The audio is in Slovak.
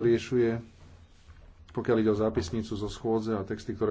riešuje, pokiaľ ide o zápisnicu zo schôdze a texty, ktoré